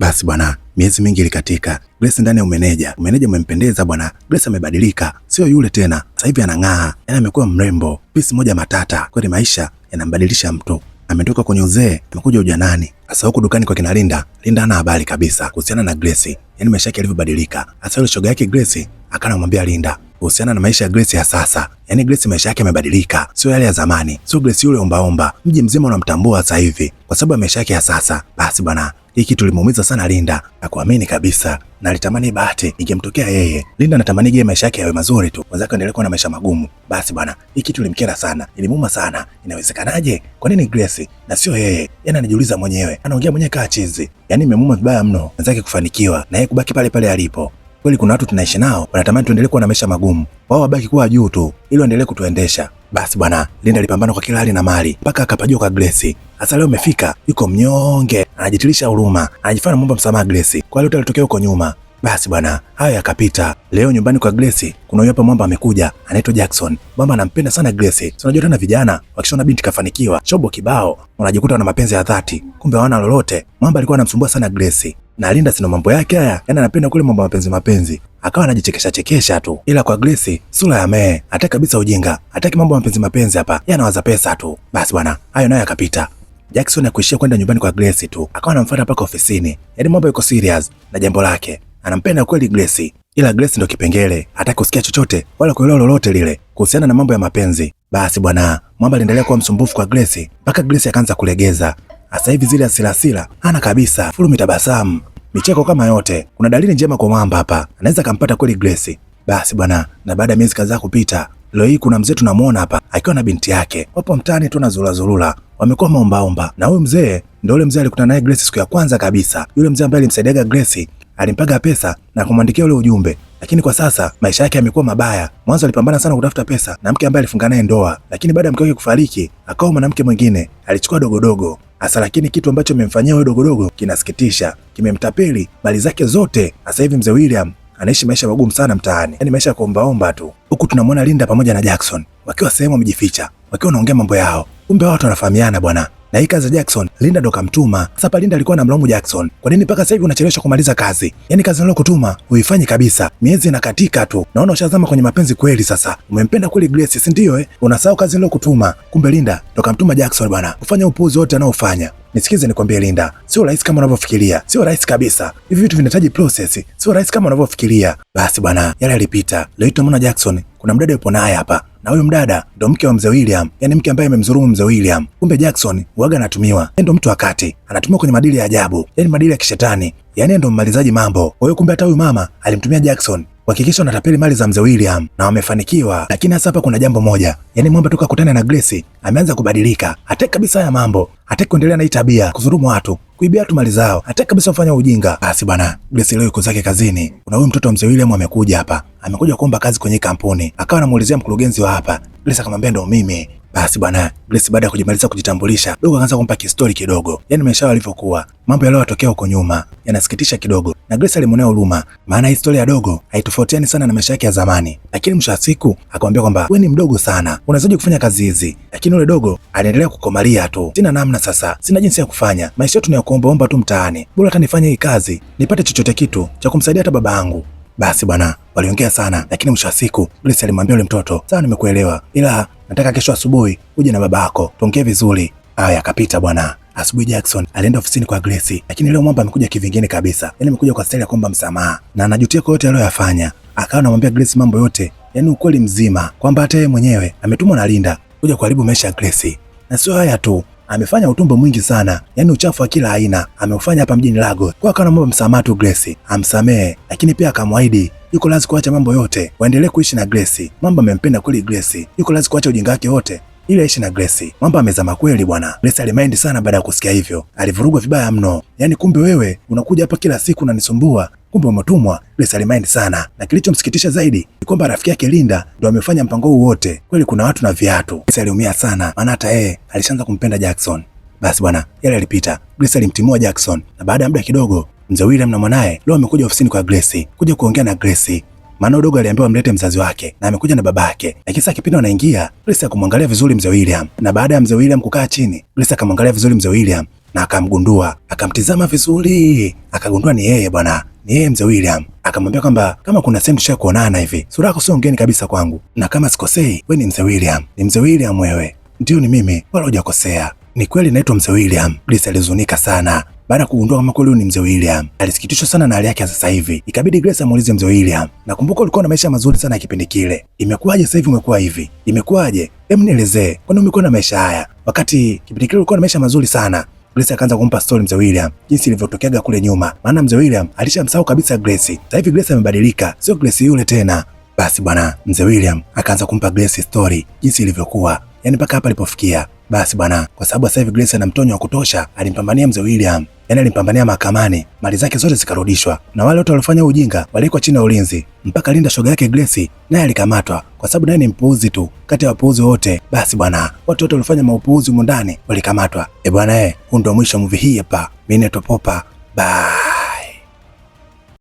Basi bwana, miezi mingi ilikatika. Grace ndani ya umeneja, umeneja umempendeza bwana. Grace amebadilika, sio yule tena. Sasa hivi anang'aa, yaani amekuwa mrembo, pisi moja matata. Kweli maisha yanambadilisha mtu. Ametoka kwenye uzee amekuja ujanani. Sasa huko dukani kwa kina Linda, Linda ana habari kabisa kuhusiana na Grace, yaani maisha yake yalivyobadilika. Sasa yule shoga yake Grace akana mwambia Linda kuhusiana na maisha ya Grace ya sasa, yaani Grace maisha yake yamebadilika, sio yale ya zamani, sio Grace yule ombaomba. Mji mzima unamtambua sasa hivi kwa sababu ya maisha yake ya sasa. Basi bwana, hiki tulimuumiza sana Linda na kuamini kabisa, na alitamani bahati ingemtokea yeye. Linda anatamani je maisha yake yawe mazuri tu, wenzake endelee kuwa na maisha magumu. Basi bwana, hii kitu ilimkera sana, ilimuma sana. Inawezekanaje? Kwa nini Grace na sio yeye? yana anajiuliza mwenyewe, anaongea mwenyewe kaa chizi. Yaani imemuma vibaya mno, wenzake kufanikiwa na yeye kubaki pale pale alipo. Kweli kuna watu tunaishi nao wanatamani tuendelee kuwa na maisha magumu, wao wabaki kuwa juu tu ili waendelee kutuendesha. Basi bwana, Linda alipambana kwa kila hali na mali mpaka akapajua kwa Grace. Hasa leo amefika, yuko mnyonge, anajitilisha huruma, anajifanya mwomba msamaha Grace kwa yote alitokea huko nyuma. Basi bwana, hayo yakapita. Leo nyumbani kwa Grace kuna yupo mwamba amekuja, anaitwa Jackson. Mwamba anampenda sana Grace. Tunajua tena vijana wakishona binti kafanikiwa chobo kibao, wanajikuta wana mapenzi ya dhati, kumbe hawana lolote. Mwamba alikuwa anamsumbua sana Grace na Linda, sina mambo yake haya, yaani anapenda kule mambo mapenzi mapenzi, akawa anajichekesha chekesha tu, ila kwa Grace sura ya mee, hata kabisa ujinga, hataki mambo mapenzi mapenzi, hapa yeye anawaza pesa tu. Basi bwana, hayo nayo yakapita. Jackson akuishia kwenda nyumbani kwa Grace tu, akawa anamfuata mpaka ofisini. Yaani mambo yuko serious na jambo lake. Anampenda kweli Grace, ila Grace ndo kipengele, hataki kusikia chochote wala kuelewa lolote lile kuhusiana na mambo ya mapenzi. Basi bwana Mwamba aliendelea kuwa msumbufu kwa Grace mpaka Grace akaanza kulegeza. Hasa hivi zile asilasila hana kabisa, fulu mitabasamu, micheko kama yote. Kuna dalili njema kwa Mwamba hapa, anaweza akampata kweli Grace. Basi bwana, na baada ya miezi kadhaa kupita, leo hii kuna mzee tunamuona hapa akiwa na binti yake, wapo mtaani tu na zulazulula, wamekuwa maombaomba, na huyu mzee ndio yule mzee alikutana naye Grace siku ya kwanza kabisa, yule mzee ambaye alimsaidia Grace alimpaga pesa na kumwandikia ule ujumbe, lakini kwa sasa maisha yake yamekuwa mabaya. Mwanzo alipambana sana kutafuta pesa na mke ambaye alifunga naye ndoa, lakini baada ya mke wake kufariki akawa mwanamke mwingine, alichukua dogodogo hasa. Lakini kitu ambacho amemfanyia huyo dogodogo kinasikitisha, kimemtapeli mali zake zote. Sasa hivi mzee William anaishi maisha magumu sana mtaani, yani maisha ya kuombaomba tu. Huku tunamwona Linda pamoja na Jackson wakiwa sehemu wamejificha, wakiwa wanaongea mambo yao, kumbe watu wanafahamiana bwana na hii kazi ya Jackson Linda ndo kamtuma. Sasa Linda alikuwa anamlaumu Jackson, kwa nini mpaka sasa hivi unachelewesha kumaliza kazi? Yaani kazi kutuma huifanyi kabisa, miezi inakatika tu. Naona ushazama kwenye mapenzi kweli. Sasa umempenda kweli Grace, si ndio? Eh, unasahau kazi kutuma. Kumbe Linda ndo kamtuma Jackson bwana kufanya upuuzi wote anaofanya. Nisikize nikwambie Linda, sio rahisi kama unavyofikiria, sio rahisi kabisa. Hivi vitu vinahitaji process, sio rahisi kama unavyofikiria. Basi bwana, yale yalipita. Leo tunamwona Jackson, kuna mdada yupo naye hapa na huyu mdada ndo mke wa mzee William, yani mke ambaye amemdhulumu mzee William. Kumbe Jackson waga anatumiwa, ndo mtu wakati anatumiwa kwenye madili ya ajabu, yani madili ya kishetani, yani ndo mmalizaji mambo. Kwa hiyo kumbe hata huyu mama alimtumia Jackson kuhakikisha wanatapeli mali za mzee William na wamefanikiwa. Lakini hasa hapa kuna jambo moja, yaani mwamba toka kutana na Grace ameanza kubadilika, hataki kabisa haya mambo, hataki kuendelea na hii tabia kudhulumu watu kuibia watu mali zao, hataki kabisa kufanya ujinga. Basi bwana, Grace leo yuko zake kazini. Kuna huyu mtoto wa mzee William amekuja hapa, amekuja kuomba kazi kwenye kampuni, akawa anamuulizia mkurugenzi wa hapa. Grace akamwambia ndo mimi basi bwana Grace, baada ya kujimaliza kujitambulisha, dogo akaanza kumpa kistori kidogo, yaani maisha alivyokuwa mambo yaliyotokea huko nyuma yanasikitisha kidogo, na Grace alimwonea huruma, maana historia ya dogo haitofautiani sana na maisha yake ya zamani. Lakini mwisho wa siku akamwambia kwamba wewe ni mdogo sana, unawezaje kufanya kazi hizi? Lakini yule dogo aliendelea kukomalia tu, sina namna, sasa sina jinsi ya kufanya, maisha yetu ni ya kuombaomba tu mtaani, bora hata nifanye hii kazi nipate chochote kitu cha kumsaidia hata baba yangu. Basi bwana, waliongea sana, lakini mwisho wa siku Grace alimwambia yule mtoto, sawa, nimekuelewa, ila nataka kesho asubuhi uje na baba yako tuongee vizuri. Haya, akapita bwana. Asubuhi Jackson alienda ofisini kwa Grace, lakini leo mambo amekuja kivingine kabisa. Yani amekuja kwa staili ya kuomba msamaha na anajutia kwa yote aliyoyafanya. Akawa anamwambia Grace mambo yote, yani ukweli mzima, kwamba hata yeye mwenyewe ametumwa na Linda kuja kuharibu maisha ya Grace. Na sio haya tu, amefanya utumbo mwingi sana, yaani uchafu wa kila aina ameufanya hapa mjini Lagos. Kwa hiyo anaomba msamaha tu Grace amsamehe, lakini pia akamwahidi yuko lazi kuacha mambo yote, waendelee kuishi na Grace. mamba amempenda kweli Grace, yuko lazima kuacha ujinga wake wote ili aishi na Grace. Mwamba amezama kweli bwana. Grace alimaindi sana baada ya kusikia hivyo, alivurugwa vibaya mno. Yaani kumbe wewe unakuja hapa kila siku unanisumbua, Kumbe wametumwa Salimaind sana, na kilichomsikitisha zaidi ni kwamba rafiki yake Linda ndo amefanya mpango huu wote. Kweli kuna watu na viatu. Lesa aliumia sana, maana hata yeye alishaanza kumpenda Jackson. Basi bwana, yale yalipita. Grace alimtimua Jackson, na baada ya muda kidogo mzee William na mwanaye leo amekuja ofisini kwa Grace kuja kuongea na Grace, maana udogo aliambiwa amlete mzazi wake na amekuja na baba yake. Lakini sasa kipindi anaingia, Grace akamwangalia vizuri mzee William, na baada ya mzee William kukaa chini, Grace akamwangalia vizuri mzee William na akamgundua, akamtizama vizuri, akagundua ni yeye bwana, ni yeye mzee William. Akamwambia kwamba kama kuna sehemu tusha kuonana hivi, sura yako sio ngeni kabisa kwangu, na kama sikosei, we ni mzee William, ni mzee William wewe. Ndio, ni mimi, wala hujakosea, ni kweli naitwa mzee William. Grace alizunika sana baada ya kugundua kama kweli ni mzee William. Alisikitishwa sana na hali yake ya sasa hivi, ikabidi Grace amuulize mzee William, nakumbuka ulikuwa na maisha mazuri sana ya kipindi kile, imekuwaje sasa hivi umekuwa hivi? Imekuwaje? Hem, nielezee, kwani umekuwa na maisha haya wakati kipindi kile ulikuwa na maisha mazuri sana Grace akaanza kumpa story mzee William jinsi ilivyotokeaga kule nyuma, maana mzee William alishamsahau kabisa Grace. Sasa hivi Grace amebadilika, sio Grace yule tena. Basi bwana, mzee William akaanza kumpa Grace story jinsi ilivyokuwa, yani mpaka hapa alipofikia. Basi bwana, kwa sababu sasa hivi Grace ana mtonyo wa kutosha, alimpambania mzee William yani alimpambania mahakamani, mali zake zote zikarudishwa, na wale wote waliofanya ujinga walikuwa chini ya ulinzi mpaka Linda shoga yake Grace naye alikamatwa, kwa sababu naye ni mpuuzi tu kati ya wapuuzi wote. Basi bwana, watu wote waliofanya maupuuzi mundani ndani walikamatwa. E bwana, eh, huu ndio mwisho wa movie hii hapa. Mimi ni Popa. Bye.